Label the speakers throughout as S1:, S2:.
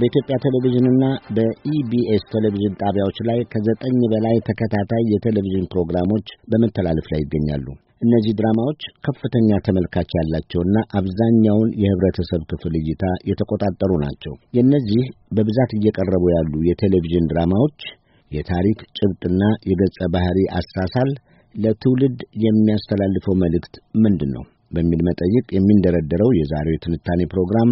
S1: በኢትዮጵያ ቴሌቪዥንና በኢቢኤስ ቴሌቪዥን ጣቢያዎች ላይ ከዘጠኝ በላይ ተከታታይ የቴሌቪዥን ፕሮግራሞች በመተላለፍ ላይ ይገኛሉ። እነዚህ ድራማዎች ከፍተኛ ተመልካች ያላቸውና አብዛኛውን የህብረተሰብ ክፍል እይታ የተቆጣጠሩ ናቸው። የእነዚህ በብዛት እየቀረቡ ያሉ የቴሌቪዥን ድራማዎች የታሪክ ጭብጥና የገጸ ባህሪ አሳሳል ለትውልድ የሚያስተላልፈው መልእክት ምንድን ነው? በሚል መጠይቅ የሚንደረደረው የዛሬው የትንታኔ ፕሮግራም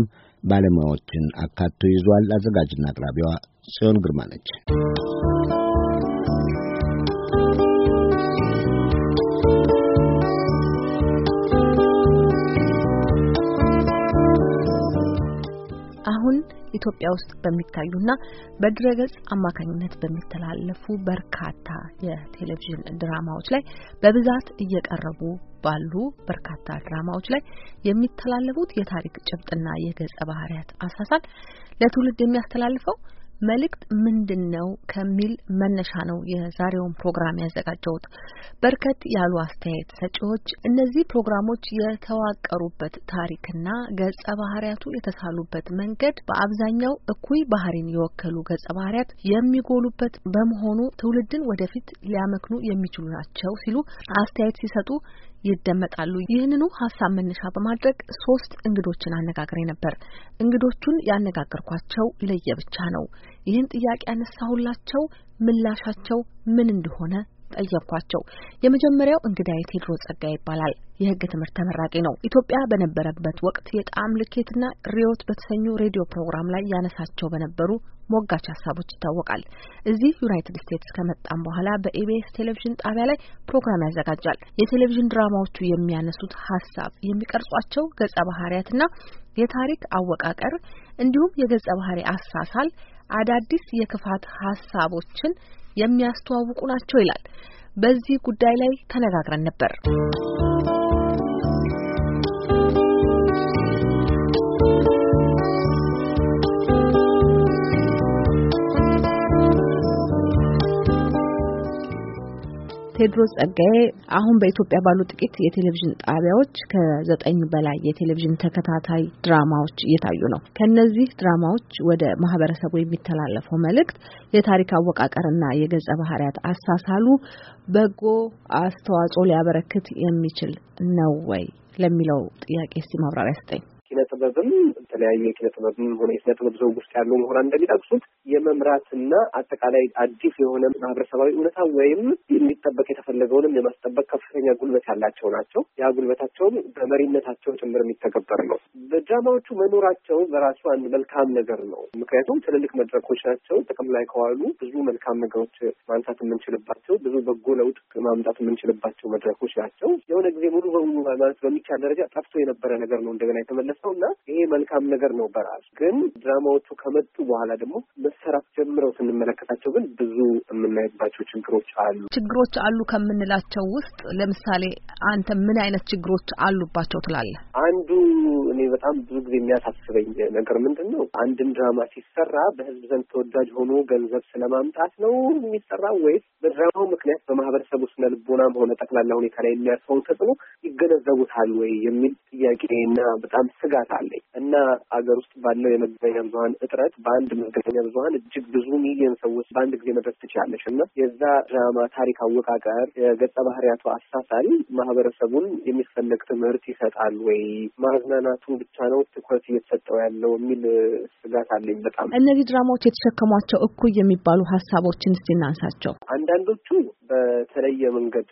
S1: ባለሙያዎችን አካቶ ይዟል። አዘጋጅና አቅራቢዋ ጽዮን ግርማ ነች።
S2: ኢትዮጵያ ውስጥ በሚታዩና በድረገጽ አማካኝነት በሚተላለፉ በርካታ የቴሌቪዥን ድራማዎች ላይ በብዛት እየቀረቡ ባሉ በርካታ ድራማዎች ላይ የሚተላለፉት የታሪክ ጭብጥና የገጸ ባህሪያት አሳሳል ለትውልድ የሚያስተላልፈው መልእክት ምንድን ነው ከሚል መነሻ ነው የዛሬውን ፕሮግራም ያዘጋጀሁት። በርከት ያሉ አስተያየት ሰጪዎች እነዚህ ፕሮግራሞች የተዋቀሩበት ታሪክና ገጸ ባህሪያቱ የተሳሉበት መንገድ በአብዛኛው እኩይ ባህሪን የወከሉ ገጸ ባህሪያት የሚጎሉበት በመሆኑ ትውልድን ወደፊት ሊያመክኑ የሚችሉ ናቸው ሲሉ አስተያየት ሲሰጡ ይደመጣሉ። ይህንኑ ሀሳብ መነሻ በማድረግ ሶስት እንግዶችን አነጋግሬ ነበር። እንግዶቹን ያነጋገርኳቸው ለየብቻ ነው። ይህን ጥያቄ ያነሳሁላቸው ምላሻቸው ምን እንደሆነ ጠየኳቸው። የመጀመሪያው እንግዳ የቴድሮ ጸጋ ይባላል። የህግ ትምህርት ተመራቂ ነው። ኢትዮጵያ በነበረበት ወቅት የጣዕም ልኬትና ሪዮት በተሰኙ ሬዲዮ ፕሮግራም ላይ ያነሳቸው በነበሩ ሞጋች ሀሳቦች ይታወቃል። እዚህ ዩናይትድ ስቴትስ ከመጣም በኋላ በኢቢኤስ ቴሌቪዥን ጣቢያ ላይ ፕሮግራም ያዘጋጃል። የቴሌቪዥን ድራማዎቹ የሚያነሱት ሀሳብ፣ የሚቀርጿቸው ገጸ ባህሪያትና የታሪክ አወቃቀር እንዲሁም የገጸ ባህሪ አሳሳል አዳዲስ የክፋት ሀሳቦችን የሚያስተዋውቁ ናቸው ይላል። በዚህ ጉዳይ ላይ ተነጋግረን ነበር። ቴድሮስ ጸጋዬ አሁን በኢትዮጵያ ባሉ ጥቂት የቴሌቪዥን ጣቢያዎች ከዘጠኝ በላይ የቴሌቪዥን ተከታታይ ድራማዎች እየታዩ ነው። ከነዚህ ድራማዎች ወደ ማህበረሰቡ የሚተላለፈው መልእክት፣ የታሪክ አወቃቀርና የገጸ ባህሪያት አሳሳሉ በጎ አስተዋጽኦ ሊያበረክት የሚችል ነው ወይ ለሚለው ጥያቄ እስቲ ማብራሪያ ስጠኝ።
S1: የኪነ ጥበብም የተለያዩ የኪነ ጥበብም ሆነ የኪነ ጥበብ ዘውግ ውስጥ ያለው ምሁራን እንደሚጠቅሱት የመምራትና አጠቃላይ አዲስ የሆነ ማህበረሰባዊ እውነታ ወይም የሚጠበቅ የተፈለገውንም የማስጠበቅ ከፍተኛ ጉልበት ያላቸው ናቸው። ያ ጉልበታቸውም በመሪነታቸው ጭምር የሚተገበር ነው። በድራማዎቹ መኖራቸው በራሱ አንድ መልካም ነገር ነው። ምክንያቱም ትልልቅ መድረኮች ናቸው። ጥቅም ላይ ከዋሉ ብዙ መልካም ነገሮች ማንሳት የምንችልባቸው፣ ብዙ በጎ ለውጥ ማምጣት የምንችልባቸው መድረኮች ናቸው። የሆነ ጊዜ ሙሉ በሙሉ ማለት በሚቻል ደረጃ ጠፍቶ የነበረ ነገር ነው እንደገና የተመለሰ ናቸው እና ይሄ መልካም ነገር ነው በራሱ ግን ድራማዎቹ ከመጡ በኋላ ደግሞ መሰራት ጀምረው ስንመለከታቸው ግን ብዙ የምናይባቸው ችግሮች አሉ። ችግሮች
S2: አሉ ከምንላቸው ውስጥ ለምሳሌ አንተ ምን አይነት ችግሮች አሉባቸው ትላለህ?
S1: አንዱ እኔ በጣም ብዙ ጊዜ የሚያሳስበኝ ነገር ምንድን ነው፣ አንድን ድራማ ሲሰራ በህዝብ ዘንድ ተወዳጅ ሆኖ ገንዘብ ስለማምጣት ነው የሚሰራ ወይስ በድራማው ምክንያት በማህበረሰቡ ስነ ልቦናም ሆነ ጠቅላላ ሁኔታ ላይ የሚያርፈውን ተጽዕኖ ይገነዘቡታል ወይ የሚል ጥያቄ እና በጣም ስጋት አለኝ እና አገር ውስጥ ባለው የመገናኛ ብዙሀን እጥረት በአንድ መገናኛ ብዙሀን እጅግ ብዙ ሚሊዮን ሰዎች በአንድ ጊዜ መድረስ ትችላለች እና የዛ ድራማ ታሪክ አወቃቀር፣ የገጸ ባህሪያቱ አሳሳል ማህበረሰቡን የሚፈለግ ትምህርት ይሰጣል ወይ ማዝናናቱን ብቻ ነው ትኩረት እየተሰጠው ያለው የሚል ስጋት አለኝ በጣም።
S2: እነዚህ ድራማዎች የተሸከሟቸው እኩይ የሚባሉ ሀሳቦችን እስቲ እናንሳቸው።
S1: አንዳንዶቹ በተለየ መንገድ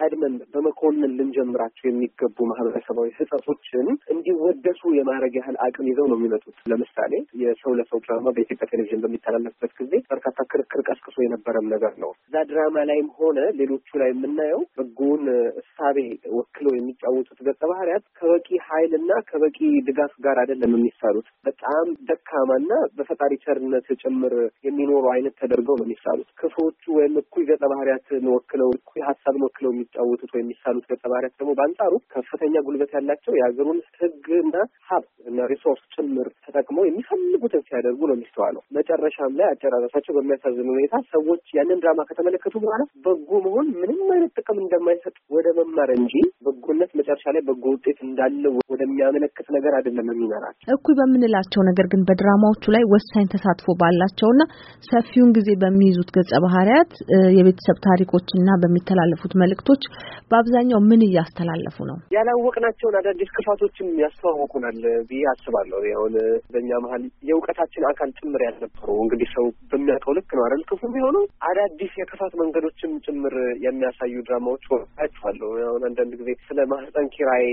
S1: ቀድመን በመኮንን ልንጀምራቸው የሚገቡ ማህበረሰባዊ ህጸቶችን እንዲወደሱ የማድረግ ያህል አቅም ይዘው ነው የሚመጡት። ለምሳሌ የሰው ለሰው ድራማ በኢትዮጵያ ቴሌቪዥን በሚተላለፍበት ጊዜ በርካታ ክርክር ቀስቅሶ የነበረም ነገር ነው። እዛ ድራማ ላይም ሆነ ሌሎቹ ላይ የምናየው በጎውን እሳቤ ወክለው የሚጫወቱት ገጸ ባህሪያት ከበቂ ኃይልና ከበቂ ድጋፍ ጋር አይደለም የሚሳሉት። በጣም ደካማና በፈጣሪ ቸርነት ጭምር የሚኖሩ አይነት ተደርገው ነው የሚሳሉት። ክፉዎቹ ወይም እኩይ ገጸ ባህሪያትን ወክለው እኩይ ሀሳብን ወክለው የሚጫወቱት ወይም የሚሳሉት ገጸ ባህሪያት ደግሞ በአንጻሩ ከፍተኛ ጉልበት ያላቸው የሀገሩን ህግና ሀብት እና ሪሶርስ ጭምር ተጠቅመው የሚፈልጉትን ሲያደርጉ ነው የሚስተዋለው። መጨረሻም ላይ አጨራረሳቸው በሚያሳዝን ሁኔታ ሰዎች ያንን ድራማ ከተመለከቱ በኋላ በጎ መሆን ምንም አይነት ጥቅም እንደማይሰጥ ወደ መማር እንጂ በጎነት መጨረሻ ላይ በጎ ውጤት እንዳለ ወደሚያመለክት ነገር አይደለም የሚመራቸው።
S2: እኩይ በምንላቸው ነገር ግን በድራማዎቹ ላይ ወሳኝ ተሳትፎ ባላቸውና ሰፊውን ጊዜ በሚይዙት ገጸ ባህሪያት የቤተሰብ ታሪኮችና በሚተላለፉት መልእክቶች ድርጅቶች በአብዛኛው ምን እያስተላለፉ ነው?
S1: ያላወቅናቸውን አዳዲስ ክፋቶችም ያስተዋወቁናል ብዬ አስባለሁ። ያሁን በእኛ መሀል የእውቀታችን አካል ጭምር ያልነበሩ እንግዲህ ሰው በሚያውቀው ልክ ነው አይደል ክፉ የሚሆነው አዳዲስ የክፋት መንገዶችም ጭምር የሚያሳዩ ድራማዎች ወጣችኋለሁ። አሁን አንዳንድ ጊዜ ስለ ማህፀን ኪራይ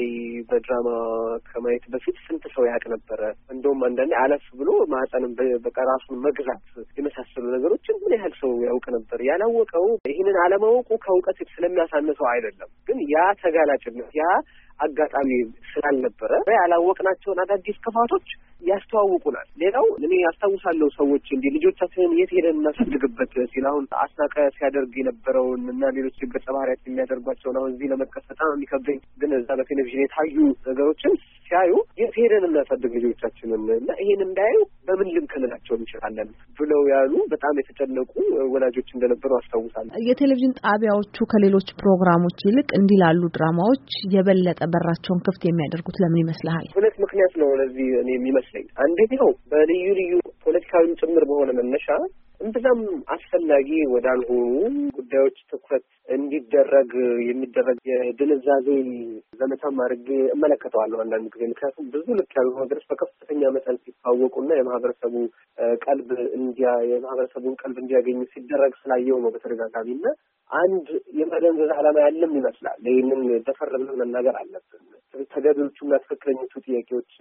S1: በድራማ ከማየት በፊት ስንት ሰው ያውቅ ነበረ? እንደውም አንዳንዴ አለፍ ብሎ ማህፀንም በቃ ራሱን መግዛት የመሳሰሉ ነገሮችን ምን ያህል ሰው ያውቅ ነበር? ያላወቀው ይህንን አለማወቁ ከእውቀት ስለሚያሳ ሰው አይደለም። ግን ያ ተጋላጭነት ያ አጋጣሚ ስላልነበረ ያላወቅናቸውን አዳዲስ ክፋቶች ያስተዋውቁናል። ሌላው እኔ ያስታውሳለሁ ሰዎች እንዲህ ልጆቻችንን የት ሄደን እናሳድግበት ሲል አሁን አስናቀ ሲያደርግ የነበረውን እና ሌሎች ገጸ ባህሪያት የሚያደርጓቸውን አሁን እዚህ ለመጥቀስ በጣም የሚከብደኝ ግን እዛ በቴሌቪዥን የታዩ ነገሮችን ሲያዩ የት ሄደን እናሳድግ ልጆቻችንን እና ይሄን እንዳያዩ በምን ልንክልላቸው እንችላለን ብለው ያሉ በጣም የተጨነቁ ወላጆች እንደነበሩ አስታውሳለሁ።
S2: የቴሌቪዥን ጣቢያዎቹ ከሌሎች ፕሮግራሞች ይልቅ እንዲህ ላሉ ድራማዎች የበለጠ በራቸውን ክፍት የሚያደርጉት ለምን ይመስልሃል?
S1: ሁለት ምክንያት ነው ለዚህ እኔ የሚመስለኝ። አንደኛው በልዩ ልዩ ፖለቲካዊም ጭምር በሆነ መነሻ እምብዛም አስፈላጊ ወዳልሆኑ ጉዳዮች ትኩረት እንዲደረግ የሚደረግ የድንዛዜ ዘመቻም አድርጌ እመለከተዋለሁ አንዳንድ ጊዜ። ምክንያቱም ብዙ ልክ ያሉ ነገሮች በከፍተኛ መጠን ሲታወቁና የማህበረሰቡ ቀልብ እንዲያ የማህበረሰቡን ቀልብ እንዲያገኙ ሲደረግ ስላየው ነው በተደጋጋሚና አንድ የመደንዘዝ ዓላማ ያለም ይመስላል። ይህንን ደፈር ብለን መናገር አለብን። ተገቢዎቹና ትክክለኞቹ ጥያቄዎች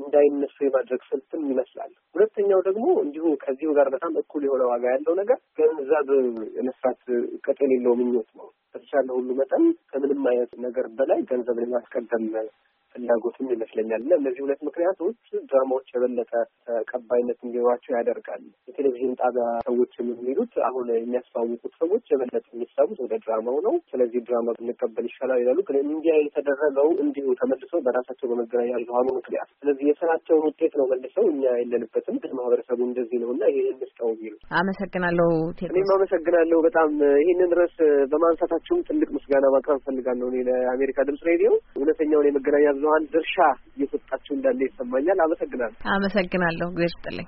S1: እንዳይነሱ የማድረግ ስልትም ይመስላል። ሁለተኛው ደግሞ እንዲሁ ከዚሁ ጋር በጣም እኩል የሆነ ዋጋ ያለው ነገር ገንዘብ የመስራት ቅጥ የሌለው ምኞት ነው። በተቻለ ሁሉ መጠን ከምንም አይነት ነገር በላይ ገንዘብን የማስቀደም ፍላጎትም ይመስለኛል እና እነዚህ ሁለት ምክንያቶች ድራማዎች የበለጠ ተቀባይነት እንዲኖራቸው ያደርጋል። የቴሌቪዥን ጣቢያ ሰዎች የሚሉት አሁን የሚያስተዋውቁት ሰዎች የበለጠ የሚሳቡት ወደ ድራማው ነው። ስለዚህ ድራማ ብንቀበል ይሻላል ይላሉ። ግን እንዲያ የተደረገው እንዲሁ ተመልሶ በራሳቸው በመገናኛ ብዙኃኑ ምክንያት ስለዚህ የስራቸውን ውጤት ነው መልሰው እኛ የለንበትም፣ ግን ማህበረሰቡ እንደዚህ ነው እና ይህ እንስጠው የሚሉት።
S2: አመሰግናለሁ። እኔም
S1: አመሰግናለሁ በጣም ይህንን ርዕስ በማንሳታችሁም ትልቅ ምስጋና ማቅረብ እፈልጋለሁ። እኔ ለአሜሪካ ድምጽ ሬዲዮ እውነተኛውን የመገናኛ ብዙ ብዙሀን ድርሻ እየሰጣችሁ እንዳለ ይሰማኛል።
S2: አመሰግናለሁ። አመሰግናለሁ። እግዜር ይስጥልኝ።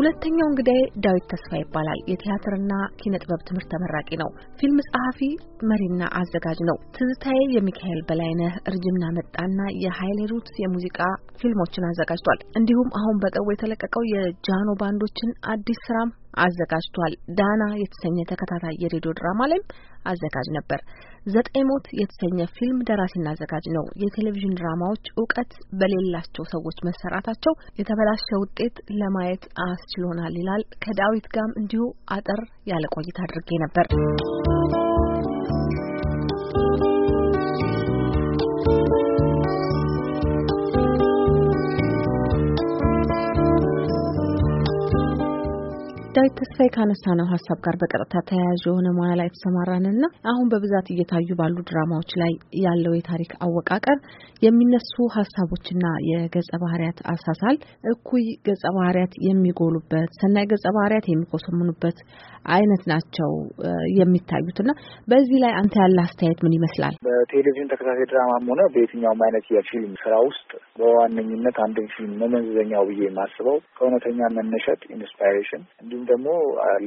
S2: ሁለተኛው እንግዳይ ዳዊት ተስፋ ይባላል። የቲያትርና ኪነ ጥበብ ትምህርት ተመራቂ ነው። ፊልም ጸሐፊ፣ መሪና አዘጋጅ ነው። ትዝታዬ የሚካኤል በላይነህ እርጅና መጣና የሀይሌ ሩትስ የሙዚቃ ፊልሞችን አዘጋጅቷል። እንዲሁም አሁን በቅርቡ የተለቀቀው የጃኖ ባንዶችን አዲስ ስራም አዘጋጅቷል። ዳና የተሰኘ ተከታታይ የሬዲዮ ድራማ ላይም አዘጋጅ ነበር። ዘጠኝ ሞት የተሰኘ ፊልም ደራሲና አዘጋጅ ነው። የቴሌቪዥን ድራማዎች እውቀት በሌላቸው ሰዎች መሰራታቸው የተበላሸ ውጤት ለማየት አስችሎናል ይላል። ከዳዊት ጋርም እንዲሁ አጠር ያለ ቆይታ አድርጌ ነበር። ዳዊት ተስፋዬ ካነሳነው ሀሳብ ጋር በቀጥታ ተያያዥ የሆነ ሙያ ላይ የተሰማራንና አሁን በብዛት እየታዩ ባሉ ድራማዎች ላይ ያለው የታሪክ አወቃቀር የሚነሱ ሀሳቦችና የገጸ ባህሪያት አሳሳል እኩይ ገጸ ባህሪያት የሚጎሉበት፣ ሰናይ ገጸ ባህርያት የሚኮሰምኑበት፣ አይነት ናቸው የሚታዩት እና በዚህ ላይ አንተ ያለ አስተያየት ምን ይመስላል?
S3: በቴሌቪዥን ተከታታይ ድራማም ሆነ በየትኛውም አይነት የፊልም ስራ ውስጥ በዋነኝነት አንድን ፊልም መመዘኛው ብዬ የማስበው ከእውነተኛ መነሸጥ ኢንስፓይሬሽን፣ እንዲሁም ደግሞ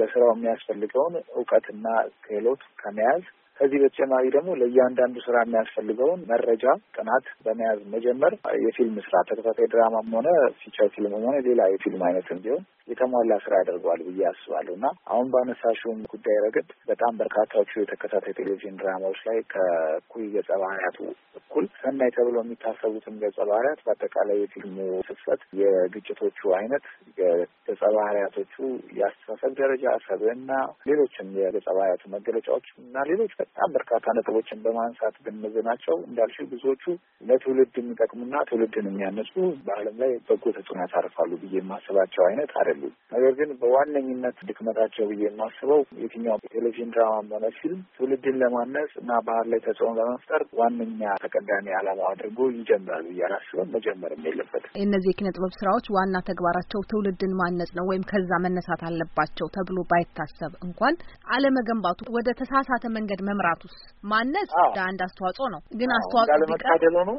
S3: ለስራው የሚያስፈልገውን እውቀትና ክህሎት ከመያዝ ከዚህ በተጨማሪ ደግሞ ለእያንዳንዱ ስራ የሚያስፈልገውን መረጃ ጥናት በመያዝ መጀመር የፊልም ስራ ተከታታይ ድራማም ሆነ ፊቸር ፊልም ሆነ ሌላ የፊልም አይነትም ቢሆን የተሟላ ስራ ያደርገዋል ብዬ አስባለሁ እና አሁን በአነሳሽውም ጉዳይ ረገድ በጣም በርካታዎቹ የተከታታይ ቴሌቪዥን ድራማዎች ላይ ከኩይ ገጸ ባህርያቱ እኩል ሰናይ ተብሎ የሚታሰቡትም ገጸ ባህርያት በአጠቃላይ የፊልሙ ፍሰት፣ የግጭቶቹ አይነት፣ ገጸ ባህርያቶቹ የአስተሳሰብ ደረጃ፣ ሰብዕና፣ ሌሎችም የገጸ ባህርያቱ መገለጫዎች እና ሌሎች በጣም በርካታ ነጥቦችን በማንሳት ብንመዝናቸው እንዳልሽው ብዙዎቹ ለትውልድ የሚጠቅሙና ትውልድን የሚያነጹ በዓለም ላይ በጎ ተጽዕኖ ያሳርፋሉ ብዬ የማስባቸው አይነት አይደሉም። ነገር ግን በዋነኝነት ድክመታቸው ብዬ የማስበው የትኛው ቴሌቪዥን ድራማም ሆነ ፊልም ትውልድን ለማነጽ እና ባህል ላይ ተጽዕኖ ለመፍጠር ዋነኛ ተቀዳሚ ዓላማ አድርጎ ይጀምራል ብዬ አላስብም። መጀመርም
S2: የለበት። እነዚህ የኪነ ጥበብ ስራዎች ዋና ተግባራቸው ትውልድን ማነጽ ነው ወይም ከዛ መነሳት አለባቸው ተብሎ ባይታሰብ እንኳን አለመገንባቱ ወደ ተሳሳተ መንገድ መምራቱስ ማነጽ አንድ አስተዋጽኦ ነው። ግን አስተዋጽኦ እንዳለመታደል ሆኖ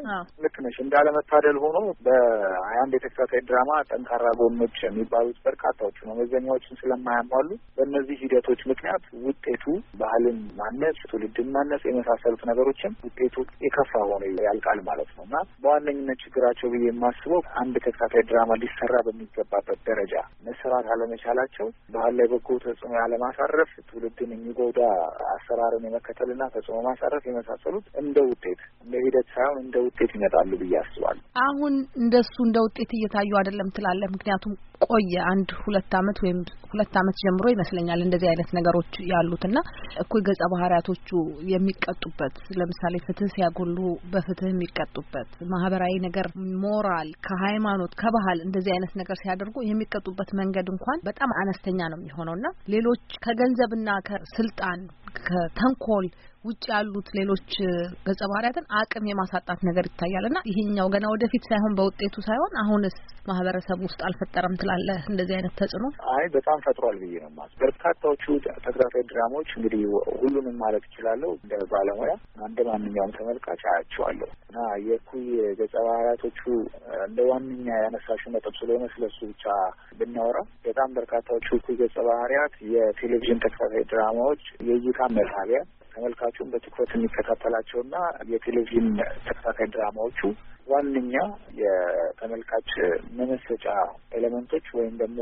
S3: ልክ ነሽ። እንዳለመታደል ሆኖ በአንድ የተከታታይ ድራማ ጠንካራ ጎኖች የሚባሉት በርካታዎቹ ነው። መዘኛዎችን ስለማያሟሉ በእነዚህ ሂደቶች ምክንያት ውጤቱ ባህልን ማነጽ፣ ትውልድን ማነጽ የመሳሰሉት ነገሮችም ውጤቱ የከፋ ሆኖ ያልቃል ማለት ነው እና በዋነኝነት ችግራቸው ብዬ የማስበው አንድ ተከታታይ ድራማ ሊሰራ በሚገባበት ደረጃ መሰራት አለመቻላቸው ባህል ላይ በጎ ተጽዕኖ ያለማሳረፍ፣ ትውልድን የሚጎዳ አሰራርን የመ መከተልና ተጽዕኖ ማሳረፍ የመሳሰሉት እንደ ውጤት እንደ ሂደት ሳይሆን እንደ ውጤት ይመጣሉ ብዬ አስባለሁ።
S2: አሁን እንደሱ እንደ ውጤት እየታዩ አይደለም ትላለህ? ምክንያቱም ቆየ አንድ ሁለት አመት ወይም ሁለት አመት ጀምሮ ይመስለኛል እንደዚህ አይነት ነገሮች ያሉትና እኩይ ገጸ ባህሪያቶቹ የሚቀጡበት ለምሳሌ ፍትህ ሲያጎሉ በፍትህ የሚቀጡበት ማህበራዊ ነገር ሞራል ከሃይማኖት ከባህል እንደዚህ አይነት ነገር ሲያደርጉ የሚቀጡበት መንገድ እንኳን በጣም አነስተኛ ነው የሚሆነውና ሌሎች ከገንዘብና ከስልጣን 可，他们可。ውጭ ያሉት ሌሎች ገጸ ባህሪያትን አቅም የማሳጣት ነገር ይታያል እና ይሄኛው ገና ወደፊት ሳይሆን በውጤቱ ሳይሆን አሁንስ ማህበረሰብ ውስጥ አልፈጠረም ትላለ እንደዚህ አይነት ተጽዕኖ?
S3: አይ በጣም ፈጥሯል ብዬ ነው ማለት። በርካታዎቹ ተከታታይ ድራማዎች እንግዲህ ሁሉንም ማለት እችላለሁ እንደ ባለሙያ እንደ ማንኛውም ተመልካች አያቸዋለሁ እና የኩ ገጸ ባህሪያቶቹ እንደ ዋነኛ ያነሳሽው ነጥብ ስለሆነ ስለሱ ብቻ ብናወራ በጣም በርካታዎቹ እኩይ ገጸ ባህሪያት የቴሌቪዥን ተከታታይ ድራማዎች የእይታ መሳቢያ ተመልካቹን በትኩረት የሚከታተላቸውና የቴሌቪዥን ተከታታይ ድራማዎቹ ዋነኛ የተመልካች መመሰጫ ኤሌመንቶች ወይም ደግሞ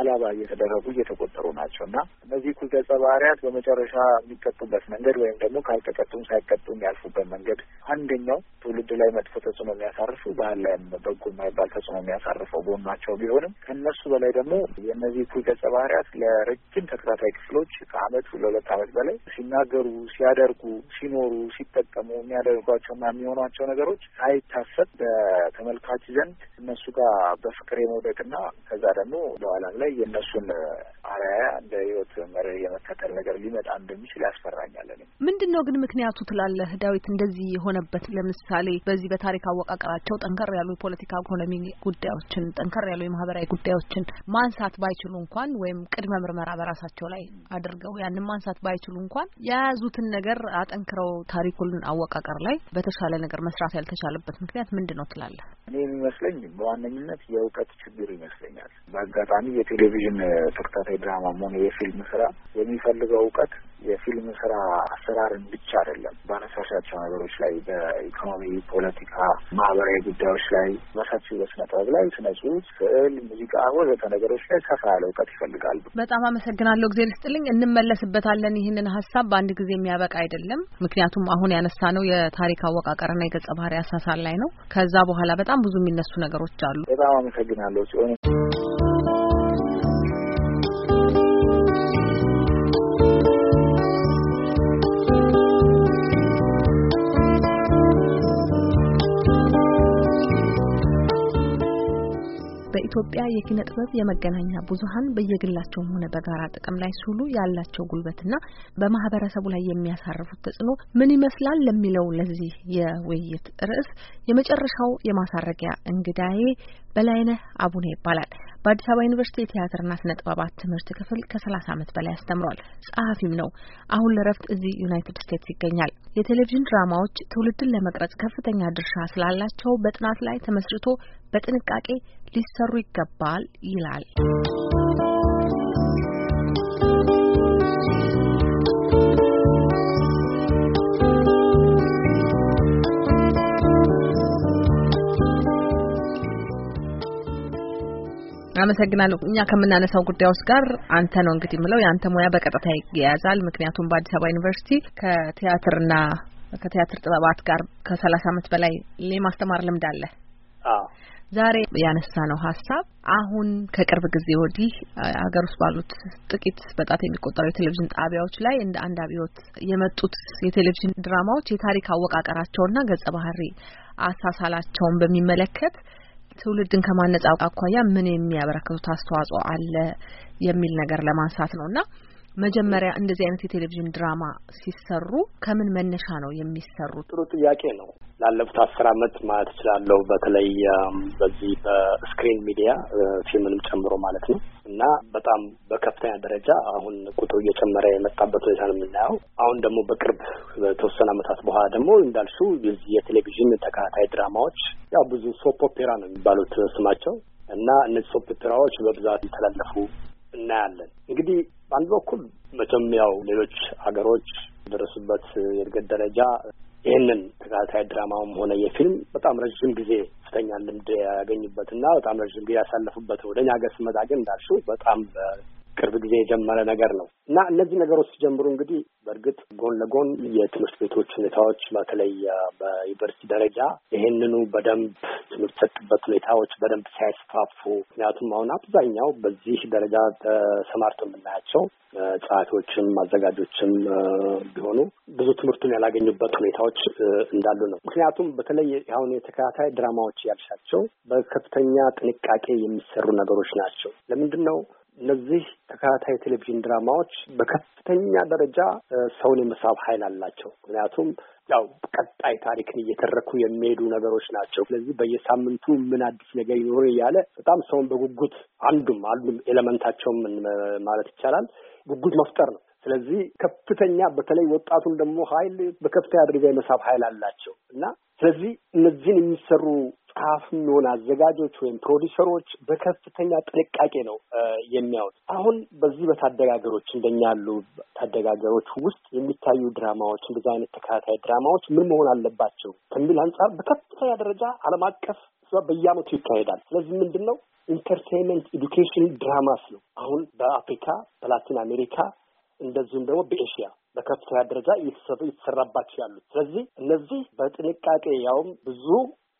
S3: አላባ እየተደረጉ እየተቆጠሩ ናቸው እና እነዚህ ኩልገጸ ባህሪያት በመጨረሻ የሚቀጡበት መንገድ ወይም ደግሞ ካልተቀጡም ሳይቀጡ የሚያልፉበት መንገድ አንደኛው ትውልድ ላይ መጥፎ ተጽዕኖ የሚያሳርፉ ባህል ላይ በጎ የማይባል ተጽዕኖ የሚያሳርፈው ጎናቸው ቢሆንም ከእነሱ በላይ ደግሞ የእነዚህ ኩልገጸ ባህሪያት ለረጅም ተከታታይ ክፍሎች ከአመት ለሁለት አመት በላይ ሲናገሩ፣ ሲያደርጉ፣ ሲኖሩ፣ ሲጠቀሙ የሚያደርጓቸውና የሚሆኗቸው ነገሮች ሳይታሰብ በተመልካች ዘንድ እነሱ ጋር በፍቅር የመውደቅና ከዛ ደግሞ በኋላም ላይ የእነሱን አርአያ እንደ ህይወት መርህ የመከተል ነገር ሊመጣ እንደሚችል ያስፈራኛል።
S2: ምንድን ነው ግን ምክንያቱ ትላለህ ዳዊት? እንደዚህ የሆነበት ለምሳሌ በዚህ በታሪክ አወቃቀራቸው ጠንከር ያሉ የፖለቲካ ኢኮኖሚ ጉዳዮችን ጠንከር ያሉ የማህበራዊ ጉዳዮችን ማንሳት ባይችሉ እንኳን ወይም ቅድመ ምርመራ በራሳቸው ላይ አድርገው ያንን ማንሳት ባይችሉ እንኳን የያዙትን ነገር አጠንክረው ታሪኩን አወቃቀር ላይ በተሻለ ነገር መስራት ያልተቻለበት ምክንያት ምንድን ነው ትላለህ? እኔ
S3: የሚመስለኝ በዋነኝነት የእውቀት ችግር ይመስለኛል። በአጋጣሚ የቴ የቴሌቪዥን ተከታታይ ድራማም ሆነ የፊልም ስራ የሚፈልገው እውቀት የፊልም ስራ አሰራርን ብቻ አይደለም። ባነሳሻቸው ነገሮች ላይ በኢኮኖሚ፣ ፖለቲካ፣ ማህበራዊ ጉዳዮች ላይ በሰፊው በስነ ጥበብ ላይ ስነ ጽሁፍ፣ ስዕል፣ ሙዚቃ ወዘተ ነገሮች ላይ ሰፋ ያለ እውቀት ይፈልጋሉ።
S2: በጣም አመሰግናለሁ። እግዜር ልስጥልኝ። እንመለስበታለን። ይህንን ሀሳብ በአንድ ጊዜ የሚያበቃ አይደለም። ምክንያቱም አሁን ያነሳ ነው የታሪክ አወቃቀርና የገጸ ባህሪ አሳሳል ላይ ነው። ከዛ በኋላ በጣም ብዙ የሚነሱ ነገሮች አሉ።
S3: በጣም አመሰግናለሁ ሲሆን
S2: በኢትዮጵያ የኪነ ጥበብ የመገናኛ ብዙሀን በየግላቸውም ሆነ በጋራ ጥቅም ላይ ሲውሉ ያላቸው ጉልበትና በማህበረሰቡ ላይ የሚያሳርፉት ተጽዕኖ ምን ይመስላል ለሚለው ለዚህ የውይይት ርዕስ የመጨረሻው የማሳረጊያ እንግዳዬ በላይነህ አቡነ ይባላል። በአዲስ አበባ ዩኒቨርሲቲ የቲያትርና ስነ ጥበባት ትምህርት ክፍል ከ30 ዓመት በላይ አስተምሯል። ጸሐፊም ነው። አሁን ለረፍት እዚህ ዩናይትድ ስቴትስ ይገኛል። የቴሌቪዥን ድራማዎች ትውልድን ለመቅረጽ ከፍተኛ ድርሻ ስላላቸው በጥናት ላይ ተመስርቶ በጥንቃቄ ሊሰሩ ይገባል ይላል። አመሰግናለሁ። እኛ ከምናነሳው ጉዳዮች ጋር አንተ ነው እንግዲህ የምለው የአንተ ሙያ በቀጥታ ይያያዛል። ምክንያቱም በአዲስ አበባ ዩኒቨርሲቲ ከቲያትርና ከቲያትር ጥበባት ጋር ከሰላሳ አመት በላይ የማስተማር ልምድ አለ። ዛሬ ያነሳ ነው ሀሳብ አሁን ከቅርብ ጊዜ ወዲህ ሀገር ውስጥ ባሉት ጥቂት በጣት የሚቆጠሩ የቴሌቪዥን ጣቢያዎች ላይ እንደ አንድ አብዮት የመጡት የቴሌቪዥን ድራማዎች የታሪክ አወቃቀራቸውና ገጸ ባህሪ አሳሳላቸውን በሚመለከት ትውልድን ከማነጻ አኳያ ምን የሚያበረክቱት አስተዋጽኦ አለ የሚል ነገር ለማንሳት ነው እና መጀመሪያ እንደዚህ አይነት የቴሌቪዥን ድራማ ሲሰሩ ከምን መነሻ ነው የሚሰሩት? ጥሩ ጥያቄ ነው።
S1: ላለፉት አስር አመት ማለት እችላለሁ በተለይ በዚህ በስክሪን ሚዲያ ፊልምንም ጨምሮ ማለት ነው እና በጣም በከፍተኛ ደረጃ አሁን ቁጥሩ እየጨመረ የመጣበት ሁኔታ ነው የምናየው። አሁን ደግሞ በቅርብ በተወሰነ አመታት በኋላ ደግሞ እንዳልሹ የቴሌቪዥን ተከታታይ ድራማዎች ያው ብዙ ሶፕ ኦፔራ ነው የሚባሉት ስማቸው እና እነዚህ ሶፕ ኦፔራዎች በብዛት የተላለፉ እናያለን። እንግዲህ በአንድ በኩል መቼም ያው ሌሎች ሀገሮች የደረሱበት የእድገት ደረጃ ይህንን ተከታታይ ድራማውም ሆነ የፊልም በጣም ረዥም ጊዜ ከፍተኛ ልምድ ያገኙበትና በጣም ረዥም ጊዜ ያሳለፉበት ወደ እኛ ሀገር ስመጣ ግን እንዳልሽው በጣም ቅርብ ጊዜ የጀመረ ነገር ነው እና እነዚህ ነገሮች ሲጀምሩ እንግዲህ በእርግጥ ጎን ለጎን የትምህርት ቤቶች ሁኔታዎች በተለይ በዩኒቨርሲቲ ደረጃ ይህንኑ በደንብ ትምህርት ሰጥበት ሁኔታዎች በደንብ ሳያስፋፉ ምክንያቱም አሁን አብዛኛው በዚህ ደረጃ ተሰማርቶ የምናያቸው ጸሐፊዎችም አዘጋጆችም ቢሆኑ ብዙ ትምህርቱን ያላገኙበት ሁኔታዎች እንዳሉ ነው። ምክንያቱም በተለይ አሁን የተከታታይ ድራማዎች ያልሻቸው በከፍተኛ ጥንቃቄ የሚሰሩ ነገሮች ናቸው። ለምንድን ነው እነዚህ ተከታታይ ቴሌቪዥን ድራማዎች በከፍተኛ ደረጃ ሰውን የመሳብ ኃይል አላቸው። ምክንያቱም ያው ቀጣይ ታሪክን እየተረኩ የሚሄዱ ነገሮች ናቸው። ስለዚህ በየሳምንቱ ምን አዲስ ነገር ይኖር እያለ በጣም ሰውን በጉጉት አንዱም አንዱም ኤለመንታቸውም ማለት ይቻላል ጉጉት መፍጠር ነው። ስለዚህ ከፍተኛ በተለይ ወጣቱን ደግሞ ኃይል በከፍተኛ ደረጃ የመሳብ ኃይል አላቸው እና ስለዚህ እነዚህን የሚሰሩ ጸሐፊ ሆነ አዘጋጆች ወይም ፕሮዲሰሮች በከፍተኛ ጥንቃቄ ነው የሚያዩት። አሁን በዚህ በታደጋገሮች እንደኛ ያሉ ውስጥ የሚታዩ ድራማዎች እንደዚህ አይነት ተከታታይ ድራማዎች ምን መሆን አለባቸው ከሚል አንጻር በከፍተኛ ደረጃ ዓለም አቀፍ በየአመቱ ይካሄዳል። ስለዚህ ምንድን ነው ኢንተርቴንመንት ኤዱኬሽን ድራማስ ነው አሁን በአፍሪካ በላቲን አሜሪካ እንደዚሁም ደግሞ በኤሽያ በከፍተኛ ደረጃ እየተሰራባቸው ያሉት። ስለዚህ እነዚህ በጥንቃቄ ያውም ብዙ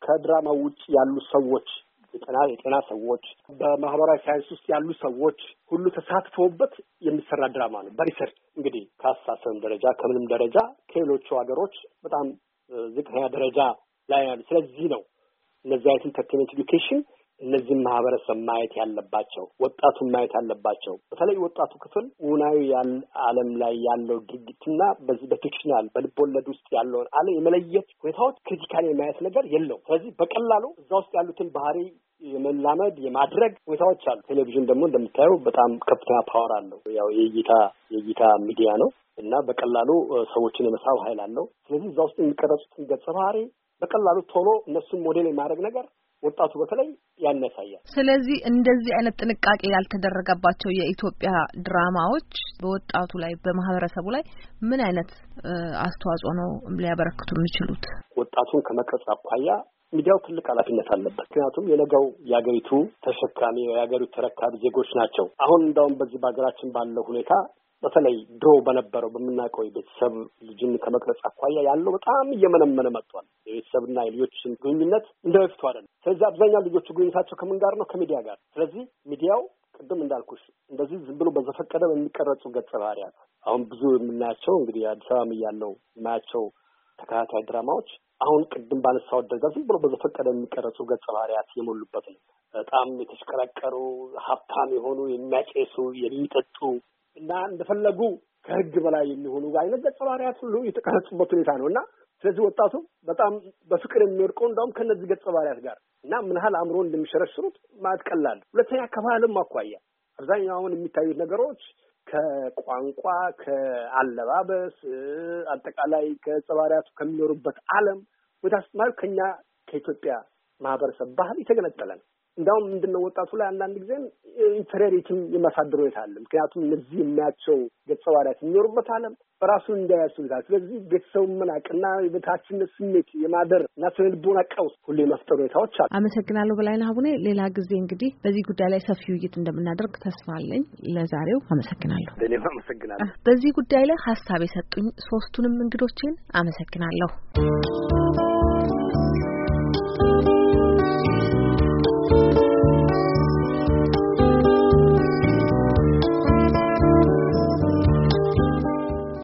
S1: ከድራማ ውጭ ያሉ ሰዎች የጤና የጤና ሰዎች በማህበራዊ ሳይንስ ውስጥ ያሉ ሰዎች ሁሉ ተሳትፎበት የሚሰራ ድራማ ነው። በሪሰርች እንግዲህ ከአስተሳሰብም ደረጃ ከምንም ደረጃ ከሌሎቹ ሀገሮች በጣም ዝቅተኛ ደረጃ ላይ ያሉ። ስለዚህ ነው እነዚህ አይነት ኢንተርቴንመንት ኤዱኬሽን እነዚህም ማህበረሰብ ማየት ያለባቸው ወጣቱን ማየት ያለባቸው በተለይ ወጣቱ ክፍል ውናዊ ዓለም ላይ ያለው ድርጊትና በዚህ በፊክሽናል ወለድ ውስጥ ያለውን አለ የመለየት ሁኔታዎች ክሪቲካል የማየት ነገር የለው። ስለዚህ በቀላሉ እዛ ውስጥ ያሉትን ባህሪ የመላመድ የማድረግ ሁኔታዎች አሉ። ቴሌቪዥን ደግሞ እንደምታየው በጣም ከፍተኛ ፓወር አለው። ያው የእይታ የእይታ ሚዲያ ነው እና በቀላሉ ሰዎችን የመሳብ ኃይል አለው። ስለዚህ እዛ ውስጥ የሚቀረጹትን ገጸ ባህሪ በቀላሉ ቶሎ እነሱን ሞዴል የማድረግ ነገር ወጣቱ በተለይ ያን ያሳያል።
S2: ስለዚህ እንደዚህ አይነት ጥንቃቄ ያልተደረገባቸው የኢትዮጵያ ድራማዎች በወጣቱ ላይ በማህበረሰቡ ላይ ምን አይነት አስተዋጽኦ ነው ሊያበረክቱ የሚችሉት?
S1: ወጣቱን ከመቅረጽ አኳያ ሚዲያው ትልቅ ኃላፊነት አለበት። ምክንያቱም የነገው የሀገሪቱ ተሸካሚ የሀገሪቱ ተረካቢ ዜጎች ናቸው። አሁን እንዳውም በዚህ በሀገራችን ባለው ሁኔታ በተለይ ድሮ በነበረው በምናውቀው የቤተሰብ ልጅን ከመቅረጽ አኳያ ያለው በጣም እየመነመነ መጥቷል። የቤተሰብና የልጆችን ግንኙነት እንደ በፊቱ አይደለም። ስለዚህ አብዛኛው ልጆቹ ግንኙነታቸው ከምን ጋር ነው? ከሚዲያ ጋር። ስለዚህ ሚዲያው ቅድም እንዳልኩሽ እንደዚህ ዝም ብሎ በዘፈቀደ የሚቀረጹ ገጸ ባህሪያት አሁን ብዙ የምናያቸው እንግዲህ አዲስ አበባም እያለው የማያቸው ተከታታይ ድራማዎች አሁን ቅድም ባነሳው ደረጃ ዝም ብሎ በዘፈቀደ የሚቀረጹ ገጸ ባህሪያት የሞሉበት ነው። በጣም የተሽቀረቀሩ ሀብታም የሆኑ የሚያጨሱ የሚጠጡ እና እንደፈለጉ ከህግ በላይ የሚሆኑ አይነት ገጸ ባህሪያት ሁሉ የተቀረጹበት ሁኔታ ነው እና ስለዚህ ወጣቱ በጣም በፍቅር የሚወድቀው እንዳውም ከእነዚህ ገጸ ባህሪያት ጋር እና ምን ያህል አእምሮ እንደሚሸረሽሩት ማለት ቀላል። ሁለተኛ ከባህልም አኳያ አብዛኛው አሁን የሚታዩት ነገሮች ከቋንቋ፣ ከአለባበስ፣ አጠቃላይ ከገጸ ባህሪያቱ ከሚኖሩበት ዓለም ወደ አስተማሪ ከኛ ከኢትዮጵያ ማህበረሰብ ባህል የተገነጠለ ነው። እንዲያውም ምንድነው ወጣቱ ላይ አንዳንድ ጊዜም ኢንፌሪዮሪቲም ሁኔታ አለ። ምክንያቱም እነዚህ የሚያቸው ገጸ ባህሪያት የሚኖሩበት ዓለም ራሱን እንዳያስሉታል። ስለዚህ ቤተሰቡ መናቅና የበታችነት ስሜት የማደር እና ስነ ልቦና ቀውስ ሁሉ የመፍጠር ሁኔታዎች
S2: አሉ። አመሰግናለሁ። በላይነህ አቡኔ፣ ሌላ ጊዜ እንግዲህ በዚህ ጉዳይ ላይ ሰፊ ውይይት እንደምናደርግ ተስፋ አለኝ። ለዛሬው አመሰግናለሁ። እኔም አመሰግናለሁ። በዚህ ጉዳይ ላይ ሀሳብ የሰጡኝ ሶስቱንም እንግዶችን አመሰግናለሁ።